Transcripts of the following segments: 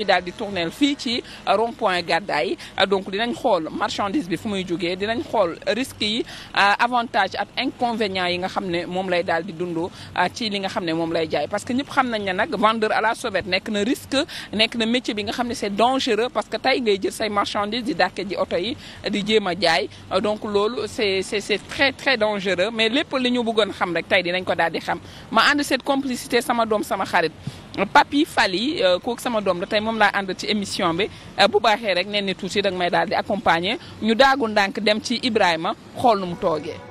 ñu daal di tournel fii ci rond point Gàddaay donc dinañ xool marchandise bi fu muy jógee dinañ xool risque yi euh, avantage ak inconvénient yi nga xam ne moom lay daal di dund euh, ci li nga xam ne moom lay jaay parce que ñëpp xam nañ ne nag vendeur à la sauvette nekk na risque nekk na métier bi nga xam ne c'est dangereux parce que tey ngay jël say marchandise di dàkke ji oto yi di jéem a jaay donc loolu c'est c'est c'est très très dangereux mais lépp li ñu buggoon xam rek tey dinañ ko daal di xam ma ànd cette complicité sama doom sama xarit moom laa ànd ci émission bi euh, bu baaxee rek nee ni tuuti danga may daal di accompagner ñu daagu ndànk dem ci Ibrahima xool nu mu toogee.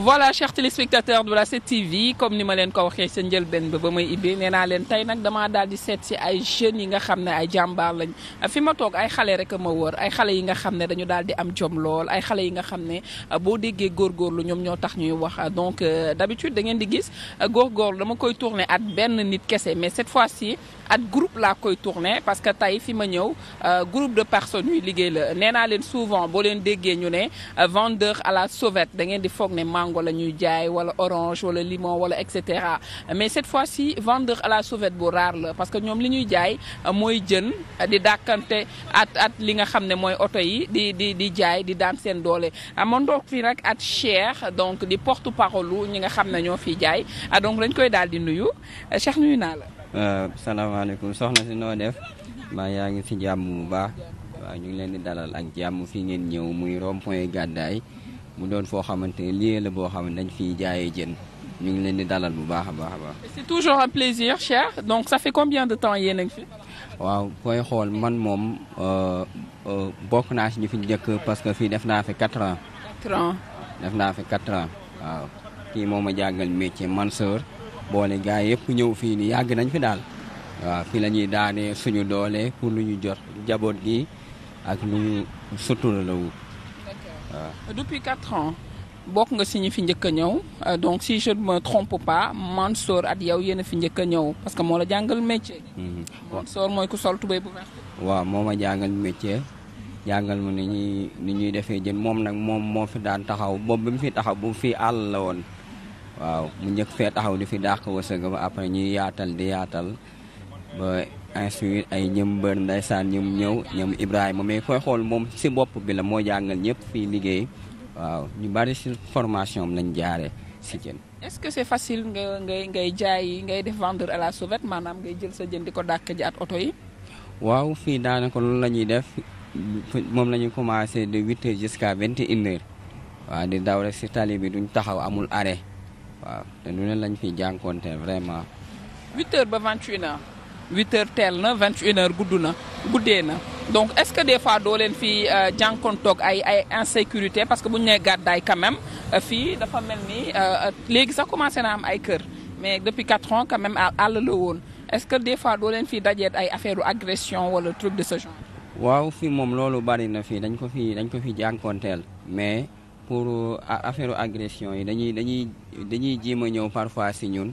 voilà chers téléspectateurs de la 7TV comme ni ma leen ko waxee sa njëlbeen ba ba may ibbee nee leen tey nag dama daal di seet si ay jeunes yi nga xam ne ay jàmbaar lañ fi ma toog ay xale rek a ma wër ay xale yi nga xam ne dañu daal di am jom lool ay xale yi nga xam ne ah, boo déggee góorgóorlu ñoom ñoo tax ñuy wax ah, donc euh, d'habitude da ngeen di gis ah, góorgóorlu dama koy tourner at benn nit kese mais cette fois-ci at groupe laa koy tourné parce que tey fi ma ñëw euh, groupe de personne yuy liggéey la nee naa leen souvent boo leen déggee ñu ne euh, vendeur à la sauvette da ngeen di foog ne mango la ñuy jaay wala orange wala limon wala et cetera mais cette fois si vendeur à la sauvette bu raar la parce que ñoom li ñuy jaay euh, mooy jën di dàkkante at at li nga xam ne mooy oto yi di di di jaay di daan seen doole amoon ah, doog fii nag at Cheikh donc di porte-parole ñi nga xam ne ñoo fiy jaay ah, donc dañ koy daal di nuyu Cheikh nuyu la. Euh, salaamaaleykum soxna si noo def maa yaa ngi si jàmm bu baax waaw ñu ngi leen di dalal ak jàmm fii ngeen ñëw muy rond point gàddaay mu doon foo xamante ne lii la boo xam ne dañ fiy jaayee jën ñu ngi leen di dalal bu baax a baax a baax. c'est toujours un plaisir cher donc ça fait combien de temps yéen a fi. waaw koy xool man moom euh, euh, bokk naa si ñu fi njëkk parce que fii def naa fi quatre ans. quatre def naa fi quatre ans waaw kii moo ma jàngal métier Mansour. boole gaa yëpp ñëw fii nii yàgg nañ fi daal waaw fii la ñuy daanee suñu doolee pour lu ñu jot jaboot gi ak lu ñu la wut waaw. depuis quatre ans bokk nga si ñu fi njëkk a ñëw euh, donc si je ne me trompe pas Mansour at yow yéen a fi njëkk a ñëw parce que moo la jàngal métier. Mhm. Mansour mooy ku sol waaw moo ma jàngal métier. jàngal ma ni ñuy ni ñuy defee jën moom nag moom moo fi daan taxaw boobu bi mu fi taxaw bu fi àll la woon. waaw mu njëkk fee taxaw di fi dàq wërsëg ba après ñuy yaatal di yaatal ba instruire ay ñëm mbër ndaysaan ñëm ñëw ñëm Ibrahima mais koy xool moom si bopp bi la moo jàngal ñëpp fii liggéey waaw ñu bari si formation am lañ jaaree si jën. est-ce que c'est facile nga ngay ngay jaay ngay def vendre la sauvette maanaam sa jën dàq ji at oto yi. waaw fii daanaka loolu la ñuy def moom la ñu commencé de huit heures jusqu'à vingt et une heures waaw di daw rek si tali bi duñ taxaw amul arrêt. waaw te nu ne lañ fi jànkoonte vraiment. 8h ba 21h. 8h teel na 21h gudd na guddee na donc est-ce que des fois doo leen fi euh, jànkoontoog ay ay insécurité parce que bu ñu ne gàddaay quand même euh, fii dafa mel ni euh, léegi sax commencé na am ay kër mais depuis 4 ans quand même àll la woon est-ce que des fois doo leen fi dajeet ay affaire agression wala truc de ce waaw fii moom loolu bari na fii dañ ko fi dañ ko fi jànkoonteel mais. pour euh, affaire agression yi dañuy dañuy dañuy jéem a ñëw parfois si ñun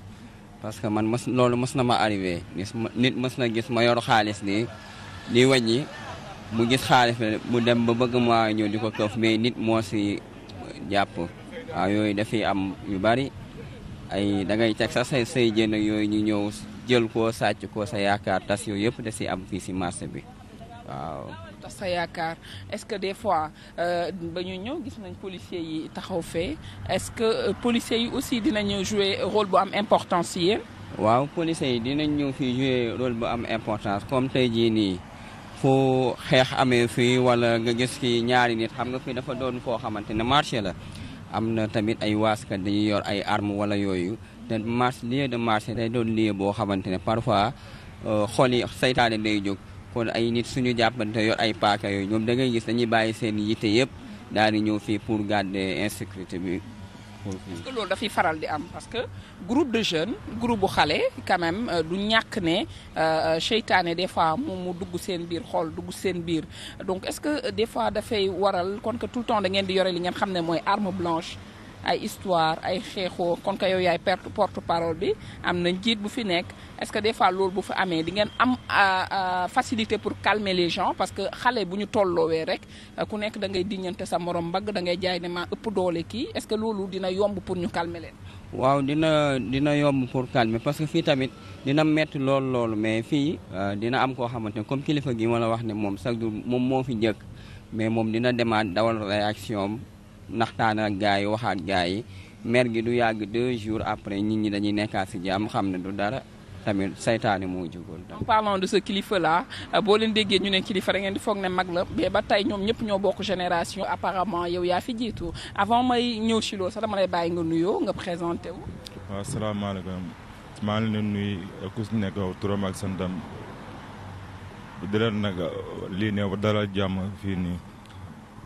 parce que man mës loolu mës na ma arrivé nit mës na gis ma yor xaalis nii di wàññi mu gis xaalis mu dem ba bëgg maa ñëw di ko këf mais nit moo si jàpp waaw yooyu dafay am yu bari ay da ngay teg sax say say jën yooyu ñu ñëw jël ko sàcc ko sa yaakaar tas yooyu yëpp da si am fii si marché bi waaw sa yaakaar est-ce que des fois euh, ba ñu ñëw gis nañ policiers yi taxaw fee est-ce que euh, policiers yi aussi dinañu jouer rôle bu am importance si waaw policiers yi dinañ ñëw fii jouer rôle bu am importance comme tey jii nii foo xeex amee fii wala nga gis ki ñaari nit xam nga fii dafa doon foo xamante ne marché la. am na tamit ay waas waaskat dañuy yor ay arm wala yooyu te marché lieu de marché day doon lieu boo xamante ne parfois euh, xol yi day jóg. kon ay nit suñu jàppante yor ay paaka yooyu ñoom da ngay gis dañuy bàyyi seen yitte yëpp daal di ñëw fii pour garder insécurité bi. parce que loolu dafay faral di am parce que groupe de jeune groupe bu xale quand euh, du ñàkk ne euh, euh, seytaane des fois moom mu dugg seen biir xool dugg seen biir donc est-ce que des fois dafay waral kon que tout le temps da ngeen di yore li ngeen xam ne mooy arme blanche. ay histoire ay xeexoo kon ko yow yaay perte porte parole bi am na njiit bu fi nekk est-ce que des fois loolu bu fi amee di am euh, euh, facilité pour calmer les parce que xale bu ñu tolloowee rek euh, ku nekk da ngay diñante sa morom mbagg da ngay jaay ne maa ëpp doole kii est-ce que loolu dina yomb pour ñu calmer leen. waaw dina dina yomb pour calmer parce que fii tamit dina metti lool loolu mais fii dina am koo xamante ne comme kilifa gi ma la wax ne moom sax jour moom moo fi njëkk mais moom dina demaat dawal réaction ndaxtaan a gars yi waxaat gars yi mer gi du yàgg deux jours après nit ñi dañuy nekkaat si jàmm xam ne du dara tamit saytaane moo jógoon. en parlant de ce kilifa la boo leen déggee ñu ne kilifa da ngeen di foog ne mag la ba tey ñoom ñëpp ñoo bokk génération apparemment yow yaa fi jiitu avant may ñëw si loolu sax bàyyi nga nuyoo nga présenté wu. waaw salaamaaleykum maa ngi leen nuyu ku si nekk ak santam di leen nag lii ne dalal jàmm fii nii.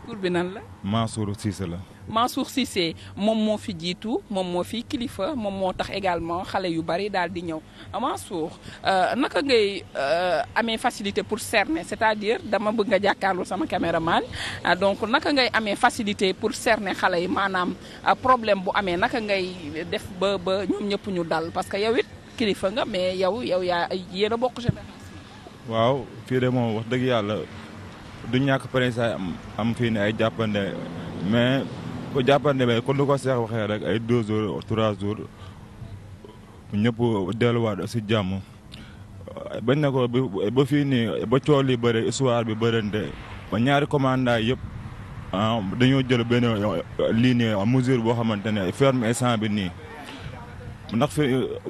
tur bi nan la. Mansour Cissé la. Mansour Cissé moom moo fi jiitu moom moo fi kilifa moom moo tax également xale yu bari daal di ñëw ah, Mansour euh, naka ngay euh, amee facilité pour cerner c'est-à-dire dama bëgg nga jàkkaarloo sama caméraman ah, donc naka ngay amee facilité pour cerner xale yi maanaam ah, problème bu amee naka ngay def ba ba ñoom ñëpp ñu dal parce que yow it kilifa nga mais yow yow yaa yéen bokk génération. waaw fii de moom wax dëgg yàlla. du ñàkk président am am fii ne ay jàppande mais bu jàppande ba kon lu ko seex waxee rek ay deux jours trois jours ñëpp delluwaat si jàmm. bañ na ko ba fii nii ba cool yi bëri histoire bi bërante ñaari commandant yëpp ah, dañoo jël benn lii nii mesure boo xamante ne ferme instant bi nii. ndax fi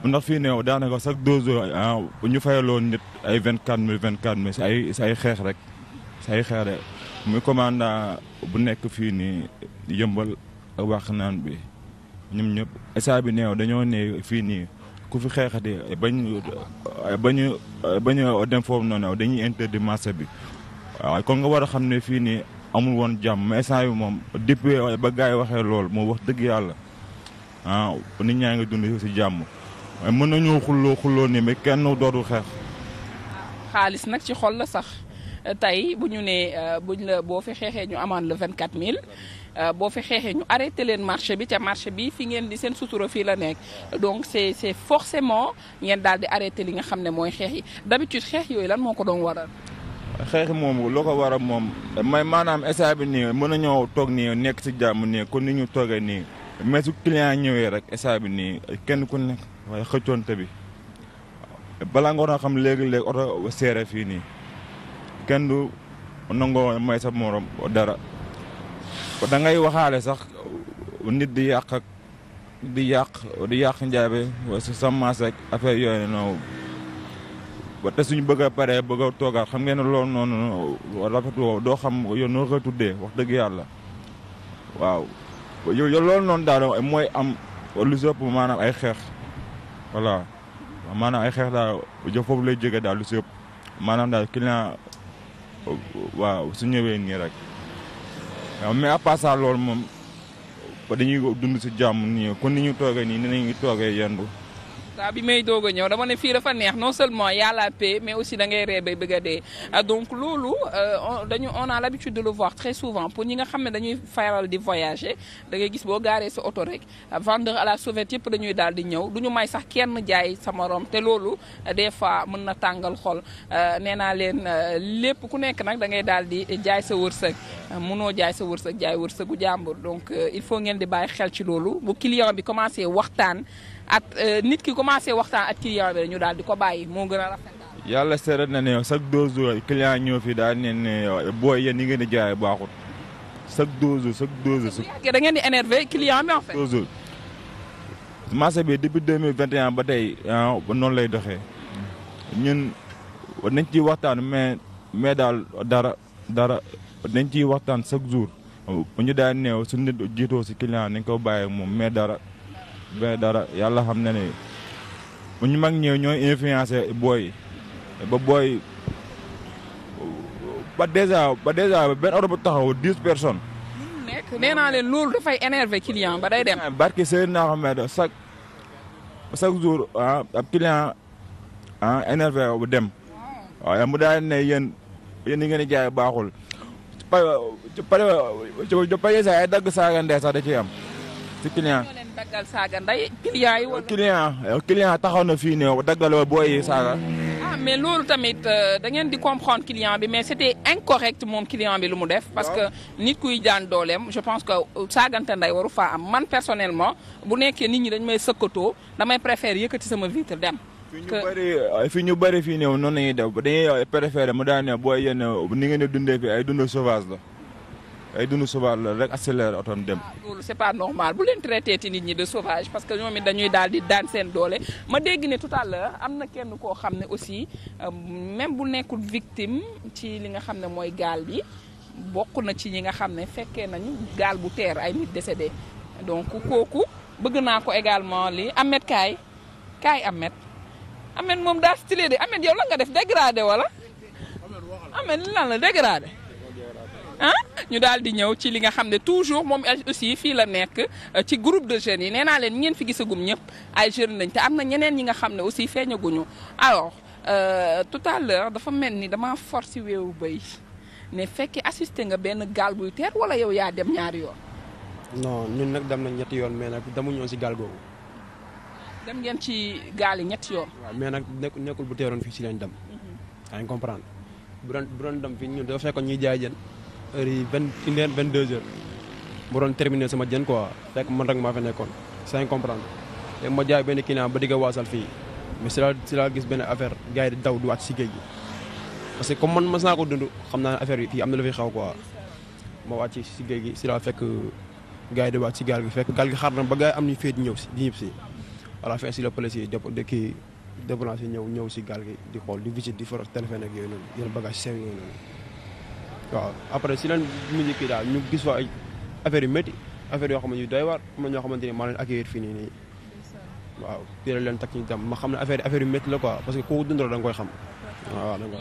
ndax fii ne daanaka chaque deux jours ah, ñu fayaloon nit ay vingt quatre mille vingt quatre mille si ay si ay xeex rek. say xeere mu commandant bu nekk fii nii yëmbal wax naan bi ñun ñëpp état bi néew dañoo néew fii nii ku fi xeex xeexati bañ bañu bañu dem foofu noonu dañuy interdit marché bi waaw kon nga war a xam ne fii nii amul woon jàmm mais instant bi moom depuis ba gars yi waxee lool moo wax dëgg yàlla ah nit ñaa ngi dund si jàmm mën nañoo xulloo xulloo ni mais kenn dootu xeex. xaalis nag ci xol la sax. tey bu ñu nee euh, buñ la boo fi xeexee ñu vingt le mille euh, boo fi xeexee ñu arrêté leen marché bi ca marché bi fi ngeen di seen suturo fii la nekk donc c'est c'est forcément ngeen daal di arrêté li nga xam ne mooy xeex yi d'habitude xeex yooyu lan moo ko doon waral. xeex moom loo ko waral moom may maanaam état nii mën a ñëw toog nii nekk si jàmm nii kon ni ñu toogee nii mais su client ñëwee rek état nii kenn ku nekk waaye xëccoonte bi balaa nga war xam léegi-léegi nii. kenn du nangoo may sa morom dara da ngay waxaale sax nit di yàq ak di yàq di yàq njaabe sa maas ak affaire yooy noonu te suñu bëgg a paree bëgg xam ngeen ne loolu noonu o doo xam yow noo ko tuddee wax dëgg yàlla waaw yow loolu noonu daal mooy am lu sëpp maanaam ay xeex ay xeex daal jo foofu lay jógee daal lu sëpp maanaam daal client waaw su ñëwee nii rek waaw mais à part ça loolu moom dañuy dund si jàmm nii kon ni ñu toogee nii ni ñu toogee yendu waaw bi may doog ñëw dama ne fii dafa neex non seulement y a la paix mais aussi da ngay ree bay bëgg a dee euh, donc loolu euh, dañu on a l'habitude de le voir très souvent pour ñi nga xam ne dañuy faral di voyager da ngay gis boo gaaree sa oto rek vendeur à la sauvette yëpp dañuy daal di ñëw du ñu may sax kenn jaay sa morom te loolu euh, des fois mën na tàngal xol nee naa leen lépp ku nekk nag da ngay daal di jaay sa wërsëg mënoo jaay sa wërsëg jaay wërsëgu jàmbur donc il faut ngeen di bàyyi xel ci loolu bu client bi commencé waxtaan ak euh, nit ki commencé waxtaan ak client bi ñu daal di ko bàyyi moo gën a rafet. yàlla seeret na ne chaque deux jours client ñëw fi daal ne e booy yéen ñi ngeen di jaay baaxut chaque deux jours chaque deux jours. bu da ngeen di énervé client bi en fait. deux bi depuis deux mille vingt ba tey ah, noonu lay doxee ñun nañ ciy waxtaan mais mais daal dara dara nañ ciy waxtaan chaque jour ñu daal neew su nit jiitoo si client nañ ko bàyyi moom mais dara. be dara yàlla xam na ne bu ñu mag ñëw ñooy influencé booy ba booy ba dèjà ba dèjà benn oto bu taxaw dix personnes. nekk nee naa leen loolu dafay énervé client ba day dem. barke sëñ naa xam ne chaque chaque jour ah ab client ah énervé bu dem waaye mu daal ne yéen yéen ñi ngeen di jaay baaxul. ci pare ci pare ay dagg saaga ndey sax da ciy am ci daggal saaga nday client yi. client eh, client taxaw na fii nii daggaloo booy saaga. ah mais loolu tamit euh, da ngeen di comprendre client bi mais c'était incorrect moom client bi lu mu def. parce que nit kuy jaan dooleem je pense que euh, saagante nday waru faa am man personnellement bu nekkee nit ñi dañ may sëkkatoo damay préfère yëkkati sama vitre dem. fi ñu bëri eh, fi ñu bëri fii nii noonu la ñuy def dañuy eh, daan ne booy yéen ni ngeen di dundee dund sauvage la. ay dund sauvage la rek accéléré otoom dem. Ah, loolu c'est pas normal bu leen traité ti nit ñi de sauvage parce que ñoom it dañuy daal di daan seen doole ma dégg ne tout à l'heure am na kenn koo xam ne aussi euh, même bu nekkul victime ci li nga xam ne mooy gaal bi bokk na ci ñi nga xam ne fekkee nañu gaal bu teer ay nit décédé donc kooku bëgg naa ko également li Ahmed Kaay Kaay Ahmed Ahmed moom daa stylé de Ahmed yow la nga def dégradé wala Ahmed lan la dégradé. ah ñu daal di ñëw ci li nga xam ne toujours moom aussi fii la nekk euh, ci groupe de jeunes yi nee naa leen ñi ngeen fi gisagum ñëpp ay jeunes lañ te am na ñeneen ñi nga xam ne aussi feeñaguñu alors euh, tout à l'heure dafa mel ni dama force weewu béy ne fekki assisté nga benn gaal buy teer wala yow yaa dem ñaari yoon. non ñun nag dem na ñetti yoon mais nag demuñoo si gaal googu. dem ngeen ci gaal yi ñetti yoon. waaw mais nag nekkul bu teeroon fii si lañ dem. Mhm. yaa ngi heure yi vingt une heure vingt deux heures mu doon terminer sama jën quoi fekk man rek maa fa nekkoon sans comprendre te ma jaay benn client ba digg a waasal fii mais si laa si laa gis benn affaire gars yi di daw di wàcc si géej gi parce que comme man mas naa ko dund xam naa affaire yi fii am na lu fi xaw quoi ma wàcc si géej gi si laa fekk gars yi di wàcc si gaal gi fekk gaal gi xaar na ba gars yi am nañu féet ñëw si di ñëpp si à la fin si la police yi de kii débranché ñëw ñëw si gaal gi di xool di visite di foros téléphone ak yooyu waaw après si lan mujj kii daal ñu gis fa ay affaire yu métti affaire yoo xam ne yu doy waar am na ñoo xamante ni maa leen accueillir fii nii nii waaw teel leen takk ñu dem ma xam ne affaire affaire yu métti la quoi parce que ku dundaloo da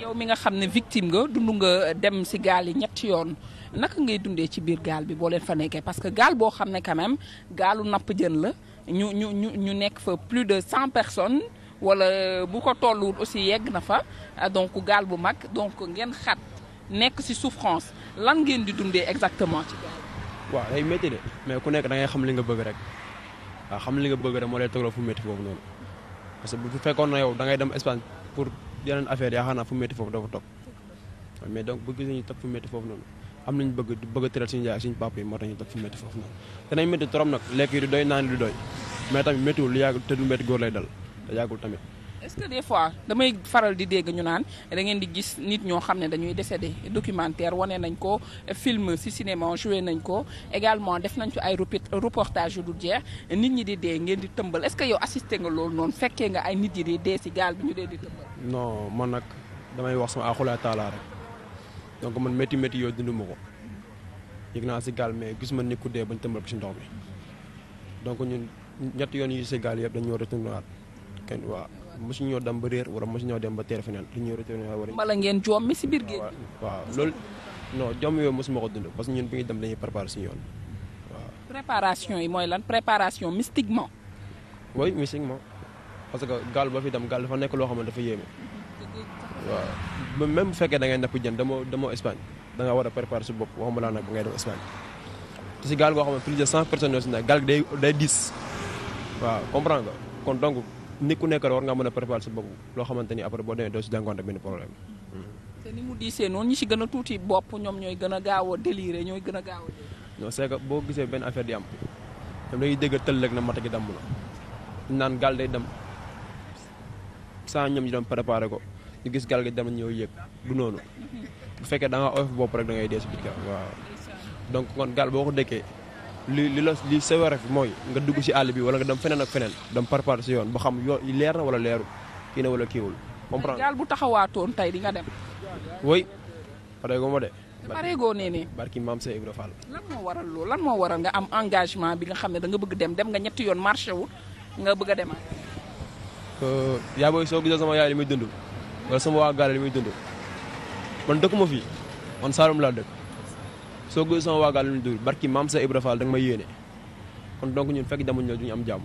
yow mi nga xam ne victime nga dund nga dem si gaal yi ñetti yoon naka ngay dundee ci biir gaal bi boo leen fa nekkee parce que gaal boo xam ne quand même gaalu napp jën la ñu ñu ñu ñu nekk fa plus de cent personnes wala bu ko tolluwul aussi yegg na fa ah, donc gaal bu mag donc ngeen xat. nekk ci souffrance lan ngeen di dundee exactement ci gaal waaw day métti de mais ku nekk da ngay xam li nga bëgg rek waaw xam li nga bëgg rek moo lay togloo fu métti foofu noonu parce que na yow da ngay dem Espagne pour yeneen affaire yaakaar naa fu métti foofu dafa toog mais donc bëgg nañu toog fu métti foofu noonu am nañu bëgg bëgg a tëral suñu yaay suñu papa yi moo tax ñu foofu noonu danañ métti trop nag lekk yi du doy naan yi du doy mais tamit méttiwul lu yàgg te du métti góor lay dal te yàggul tamit est-ce que des fois damay faral di dégg ñu naan da ngeen di gis nit ñoo xam ne dañuy décédé documentaire wane nañ ko film ci cinéma joué nañ ko également def nañ ci ay reportage yu du jeex nit ñi di dee ngeen di tëmbal est-ce que yow assisté nga loolu noonu fekkee nga ay nit yi di dee ci gaal bi ñu dee di tëmbal. non man nag damay wax sama axulaa taalaa rek donc man métti métti yooyu dunduma ko yëg naa mais gis ma nit ku dee bañ tëmbal ko ci ndox mi donc ñun ñett yoon yi ci gaal yëpp dañoo retourné mosu ñoo dem ba réer wala mosu ñoo dem ba teer feneen li ñuy retourné wala. mbala ngeen joom mi si biir géej waaw loolu non joom yooyu mosuma ko dund parce que ñun bi ñuy dem dañuy préparer si yoon waaw. préparation yi mooy lan préparation mystiquement. oui parce que gaal ba fi dem gaal dafa nekk loo xam ne dafa yéeme. waaw même bu fekkee da ngay napp jën damoo damoo Espagne da nga war a préparer su bopp waxuma laa nag ba ngay dem Espagne. te si gaal goo xam ne plus de cent personnes yoo si nekk gaal day day diis waaw comprendre nga kon donc. nit ku nekk war nga mën a préparer sa bopp loo xamante ni après boo demee doo si jàngoonte benn problème. Hmm. te noonu si gën a tuuti bopp ñoom ñooy gën a gaaw a déliré ñooy gën a gaaw a. non boo gisee benn affaire di am ñoom dañuy dégg tëll rek na mata gi damm na naan gaal day dem sans ñoom ñu dem préparer ko ñu gis gaal gi dem ñëw yëg du noonu hmm. bu fekkee da nga oyof bopp rek da ngay dee si biir waaw donc kon gaal boo ko dëkkee. li li la sa waref mooy nga dugg si àll bi wala nga dem feneen ak feneen dem parpar si yoon ba xam yoon leer na wala leeru kii na wala kiiwul comprendre daal bu taxawaatoon tey di nga dem woy pareegoo ma de pareegoo nee ne barki maam sa Ibra Fall lan moo waral loolu lan moo waral nga am engagement bi nga xam ne da nga bëgg dem dem nga ñetti yoon marché wu nga bëgg a demaat euh, yaa soo gisee sama yaay li may dund wala sama waa gaale may muy dund man dëkk ma fii man Saalum laa dëkk soo ko sama waagaal lu ñu dul barki maam sa Ibra Fall da nga ma kon donc ñun fekk demuñ la duñu am jàmm.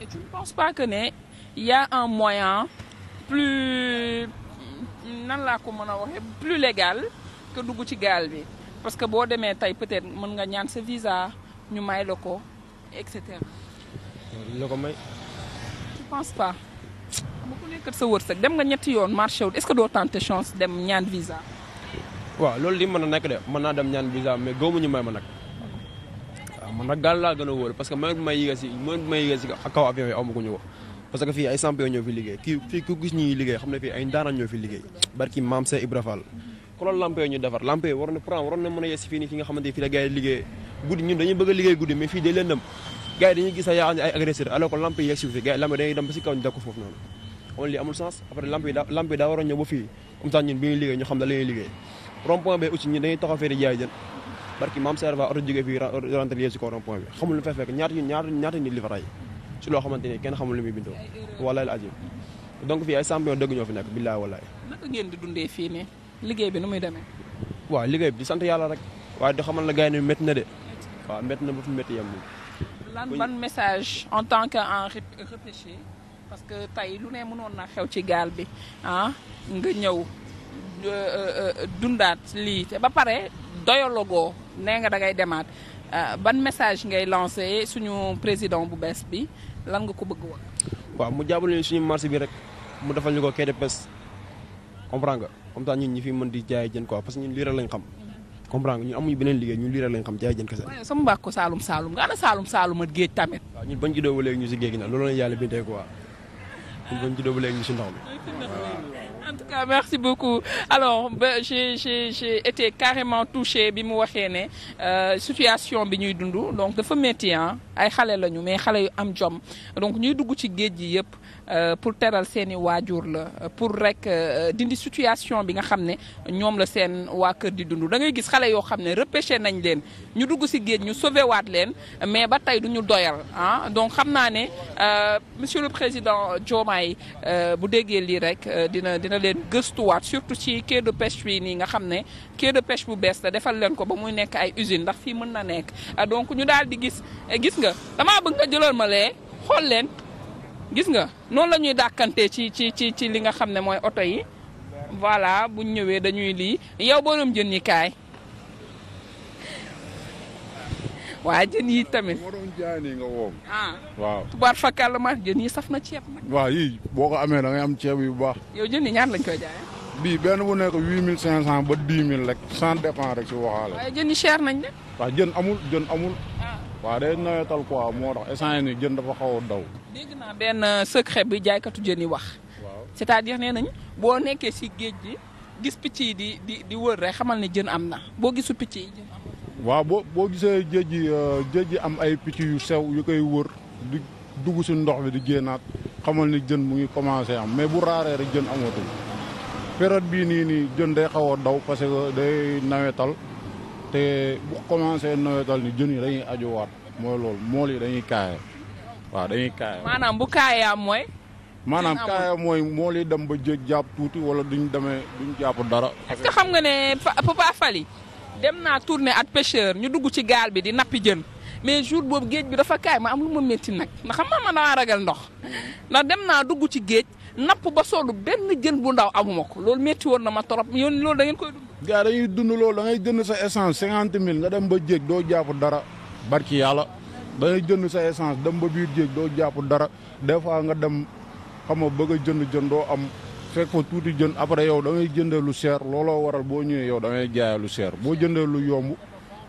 et tu ne penses pas que ne y a un moyen nan laa ko mën a waxee plus légal dugg ci gaal bi parce que boo demee tey peut-être mën nga ñaan sa visa ñu may la ko et cetera. ko may. tu penses pas. bu ko nekkat sa wërsëg dem nga ñetti yoon marché wul est-ce que doo tenter chance dem ñaan visa. waaw loolu li mën na nekk de mën naa dem ñaan visa mais góomuñu ma nag a wóor parce que moyen may yéegee si moyen bi may ma ko ñu ko fii ay champion ñoo fi fii ku ne fii ay ndaanaan ñoo fi liggéey barki maam Seex Ibra Fall ko loolu lampe ñu defar a yegsi ñun dañuy a liggéey ñu xam nga lii liggéey rond point bi aussi ñi dañuy taxaw fee di jaay jën barki maam serva oto jógee fii rentre lié si kaw bi xamul lu fa fekk ñaata ñaata ñaata nit li si loo xamante ni kenn xamul lu muy bindoo walaay la ajib donc fii ay champion dëgg ñoo fi nekk billaay walaay di dundee fii nii liggéey bi nu muy demee waaw liggéey bi di sant yàlla rek waaye di xamal la gars yi ne na de waaw métti na ba fu métti yem lan ban message en tant que en repêché parce que tey lu ne mënoon na xew ci gaal bi ah nga ñëw Euh, euh, euh, dundaat lii te ba pare doyalogoo nee nga da ngay demaat ban message ngay lancé suñu président bu bees bi lan nga ko bëgg wax. waaw mu jàppale suñu marché bi rek mu defal ñu ko quai de pêche comprendre nga comme ça ñun ñi fi mën di jaay jën quoi parce que ñun lii rek lañ xam. comprendre nga ñun amuñu beneen liggéey ñun lii rek lañ xam jaay jën kese. waaye sama mbaa ko Saalum Saalum nga ana Saalum Saalum géej tamit. waaw ñun bañ juddoo ba léegi ñu si géej gi nag loolu la yàlla bindee quoi ñun léegi si ndaw mi en tout cas merci beaucoup alors ba été carrément touchée bi mu waxee ne euh, situation bi ñuy dund donc dafa métien ay xale lañu mais xale yu am jom donc ñuy dugg ci géej gi yëpp euh, pour teral seeni waajur la pour rek euh, dindi situation bi nga xam ne ñoom la seen waa kër di dund da ngay gis xale yoo xam ne repêché nañ leen ñu dugg si géej ñu sauvé waat leen mais ba tey duñu doyal ah donc xam naa ne monsieur le président Diomaye bu déggee lii rek dina dina. na leen gëstuwaat surtout ci quai de pêche fii nii nga xam ne quai de pêche bu bees la defal leen ko ba muy nekk ay usine ndax fii mën na nekk ah, donc ñu daal di gis eh, gis nga damaa bëgg nga jëlal ma lee xool leen gis nga noonu la ñuy dàkkante ci ci ci ci li nga xam ne mooy oto yi voilà bu ñëwee dañuy lii yow borom jën ñi kaay waaw jën yi tamit. moo doon jaay nii nga woo. Ah. waaw tubaar fakal ma jën yi saf na ceeb nag. waaw yii boo ko amee da am ceeb yu baax. yow jën yi ñaar lañ koy jaayee. bii benn bu nekk huit mille cinq cent ba dix mille rek. sans dépend rek si waxaale. waaye jën yi cher nañ de. waa jën amul jën amul. Ah. waa day nawetal quoi moo tax instant ni jën dafa xaw a daw. dégg naa benn bi jaaykatu jën yi wax. waaw cest nee nañ boo nekkee si géej gi gis picc yi di di di wër rek xamal ne jën am na boo gisu picc waaw boo boo gisee géej gi euh, géej gi am ay picc yu sew yu koy wër di dugg si ndox bi di génnaat xamal ni jën mu ngi commencé am mais bu raaree rek jën amatul période bii nii nii jën day xaw a daw parce que day nawetal te bu commencé nawetal ni jën yi dañuy ajuwaat mooy loolu mool yi dañuy kaaye waaw dañuy kaaye. maanaam bu kaayee am mooy. maanaam kaaya mooy moo li dem ba jéeg jàpp tuuti wala duñ demee duñ jàpp dara. est-ce xam nga ne Papa Fally dem naa tourner at pêcheur ñu dugg ci gaal bi di nappi jën mais jour boobu géej bi dafa kaay ma am lu ma métti nag ndaxam xam nga man daa ragal ndox ndax dem naa dugg ci géej napp ba solu benn jën bu ndaw amuma ko loolu métti woon na ma trop yoon loolu da ngeen koy dund. gars dañuy dund loolu da ngay jënd sa essence cinquante mille nga dem ba jéeg doo jàpp dara barki yàlla da ngay jënd sa essence dem ba biir jéeg doo jàpp dara des fois nga dem xam nga bëgg a jënd jën doo am. fekk fa tuuti jën après yow da ngay jëndee lu cher looloo waral boo ñëwee yow da ngay jaayee lu cher boo jëndee lu yomb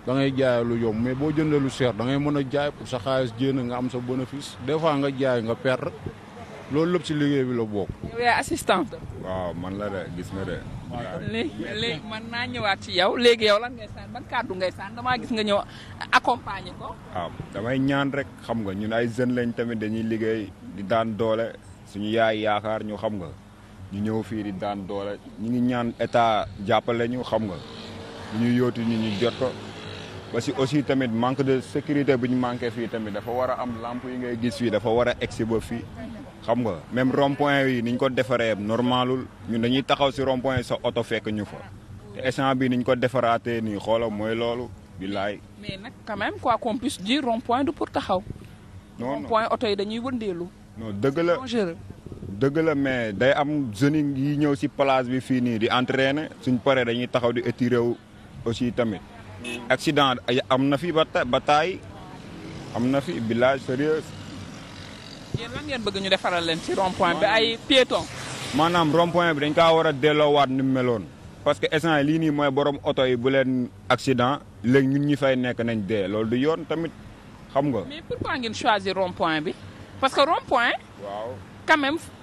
da ngay jaayee lu mais boo jëndee lu cher da ngay mën a jaay pour sa xaalis jéem nga am sa bénéfice des fois nga jaay nga per loolu lépp ci liggéey bi la bokk. yow assistante. waaw man la de gis na de. léegi man naa ñëwaat ci yow léegi yow lan ngay saan ban kàddu ngay gis nga ñëw accompagner ko. damay ñaan rek xam nga ñun ay jeunes lañ tamit dañuy liggéey di daan doole suñu yaay yaakaar ñu xam nga. ñu ñëw fii di daan doole ñu ngi ñaan état jàppale ñu xam nga ñu yóotu ñu ñu jot ko parce que aussi tamit manque de sécurité bu ñu manqué fii tamit dafa war a am lampe yi ngay gis fii dafa war a egsi fii xam nga même rond point yi ni ko defaree normalul ñun dañuy taxaw si rond point sa oto fekk ñu fa te instant bi ni ko defaraatee nii xoolal mooy loolu billaay. mais nag quand même quoi qu'on puisse dire du pour taxaw. non oto yi dañuy wëndeelu. non dëgg dëgg la mais day am jeunes yi ñëw si place bi fii nii di entraîner suñ paree dañuy taxaw di étiré wu aussi tamit accident am na fi ba ba taay am na fi village sérieux yéen lan bëgg ñu defaral leen ci rond point bi ay piéton maanaam rond bi dañ kaa war a waat ni mu meloon parce que essence lii nii mooy borom oto yi bu leen accident léegi ñun ñi fay nekk nañ dee loolu du yoon tamit xam nga. mais pourquoi ngeen choisir rond bi parce que rond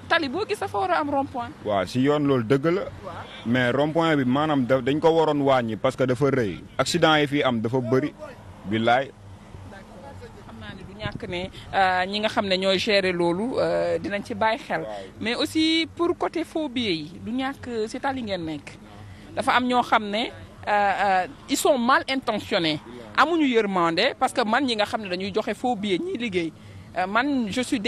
tali boo gis dafa war a am rompoint waa si yoon loolu dëgg la. mais rompoint bi maanaam dañ ko waroon wàññi parce que dafa rëy. accident yi fii am dafa bëri. billaay. ñàkk ne euh, ñi nga xam ne ñooy gérer loolu euh, dinañ ci bàyyi xel mais aussi pour côté phobie yi du ñàkk si tali ngeen nekk dafa am ñoo xam ne euh, il sont mal intentionnés amuñu yërmande parce que man ñi nga xam ne dañuy joxe foo bi phobie ñiy liggéey man je suis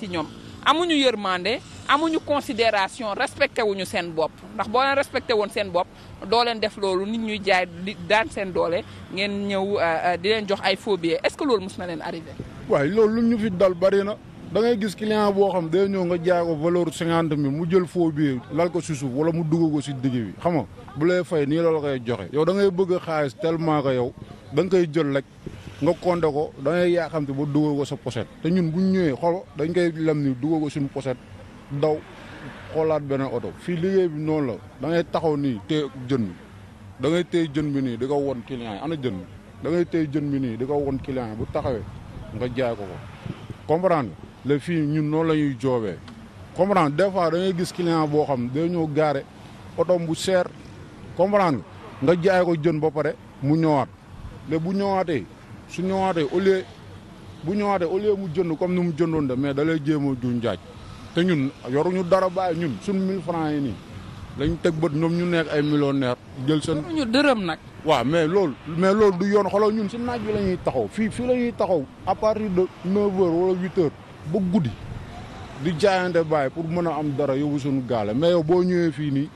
si ñoom amuñu yërmande amuñu considération respecté wuñu seen bopp ndax boo leen respecté woon seen bopp doo leen def loolu nit ñuy jaay di daan seen doole ngeen ñëw euh, euh, di leen jox ay faux billets est-ce que loolu mës na leen arrivé. waaye loolu lu ñu fi dal bari na da ngay gis client boo xam day ñëw nga jaay ko valeur cinquante mille mu jël faux billet lal ko si suuf wala mu dugg ko si digg bi xam nga bu lay fay nii la la koy joxe yow da ngay bëgg xaalis tellement ko yow da nga koy jël rek. nga konte ko dangay yaa xam te ba dugal ko sa pochette te ñun bu ñëwee xool dañ koy lem ni dugal ko suñu pochette daw xoolaat beneen oto fii liggéey bi noonu la da taxaw nii téye jën bi da ngay téye jën mi nii di ko won client yi ana jën bi da ngay jën mi nii di ko won client bu taxawee nga jaay ko ko comprendre le fii ñun noonu la ñuy joobee comprendre des fois da gis client boo xam day ñëw gaare otom bu seer comprendre nga jaay ko jën ba pare mu ñëwaat mais bu ñëwaatee su ñëwaatee au lieu bu ñëwaatee au lieu mu jënd comme ni mu jëndoon de mais da lay jéem a juñ jaaj te ñun yoruñu dara bàyyi ñun suñ 1000 francs yi nii lañ teg bët ñoom ñu neek ay millionnaire jël seen. ñu dërëm nag. waaw mais loolu mais loolu du yoon xoolal ñun si naaj bi la ñuy taxaw fii fii la ñuy taxaw à partir de 9h wala 8 ba guddi di jaayante bàyyi pour mën a am dara yóbbu suñu gaale mais yow boo ñëwee fii nii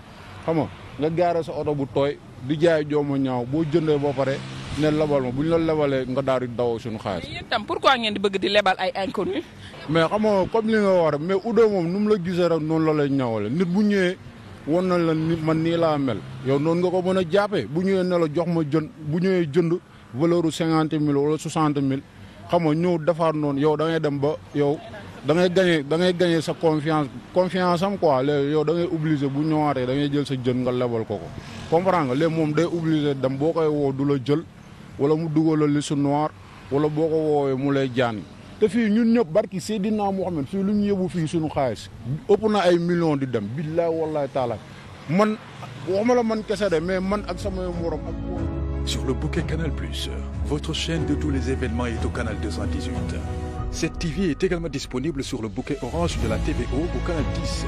xam nga nga gaare sa oto bu tooy di jaay jooma ñaaw boo jëndee boo pare. ne lebal ma bu ñu la lebalee nga daal di daw suñu xaalis. mais yéen tam pourquoi di bëgg di lebal ay mais xam nga comme li nga mais moom nu mu la gisee rek noonu la lay ñawale nit bu ñëwee won na la nit man nii laa mel yow noonu nga ko mën a jàppee bu ñëwee ne la jox ma jën bu ñëwee jënd valeur bu cinquante mille wala soixante mille xam nga ñëw defar noonu yow da ngay dem ba yow. da ngay gagné da ngay gagné sa confiance confiance am quoi léegi yow da ngay obligé bu ñëwaatee da ngay jël sa jën nga lebal ko ko comprendre nga moom day obligé dem boo koy woo du la jël. wala mu dugalal liste noire wala boo ko woowee mu lay jaan te fii ñun ñëpp barki Seydina Mohamed fii lu ñu yóbbu fii suñu xaalis ëpp na ay millions di dem billaay wallaay taala man waxuma la man kese de mais man ak samay morom ak. Sur le bouquet plus votre chaîne de tous les événements est au canal 218. Cette TV est également disponible sur le bouquet orange de la TVO au canal 10.